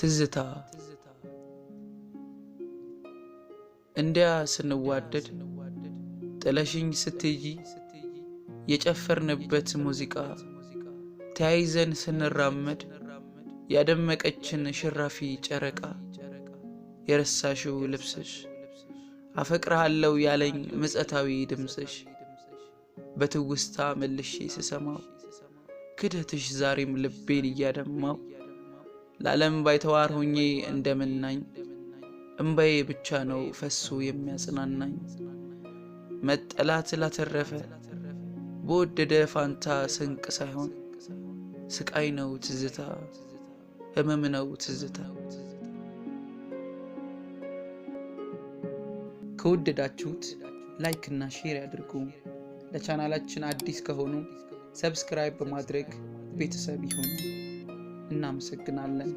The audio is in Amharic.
ትዝታ እንዲያ ስንዋደድ ጥለሽኝ ስትይ የጨፈርንበት ሙዚቃ ተያይዘን ስንራመድ ያደመቀችን ሽራፊ ጨረቃ የረሳሽው ልብስሽ አፈቅረሃለው ያለኝ ምጸታዊ ድምፅሽ በትውስታ መልሼ ስሰማው ክደትሽ ዛሬም ልቤን እያደማው ለዓለም ባይተዋር ሆኜ እንደምናኝ እምባዬ ብቻ ነው ፈሱ የሚያጽናናኝ። መጠላት ላተረፈ በወደደ ፋንታ ስንቅ ሳይሆን ስቃይ ነው ትዝታ፣ ህመም ነው ትዝታ። ከወደዳችሁት ላይክ እና ሼር ያድርጉ። ለቻናላችን አዲስ ከሆኑ ሰብስክራይብ በማድረግ ቤተሰብ ይሁኑ። እናመሰግናለን።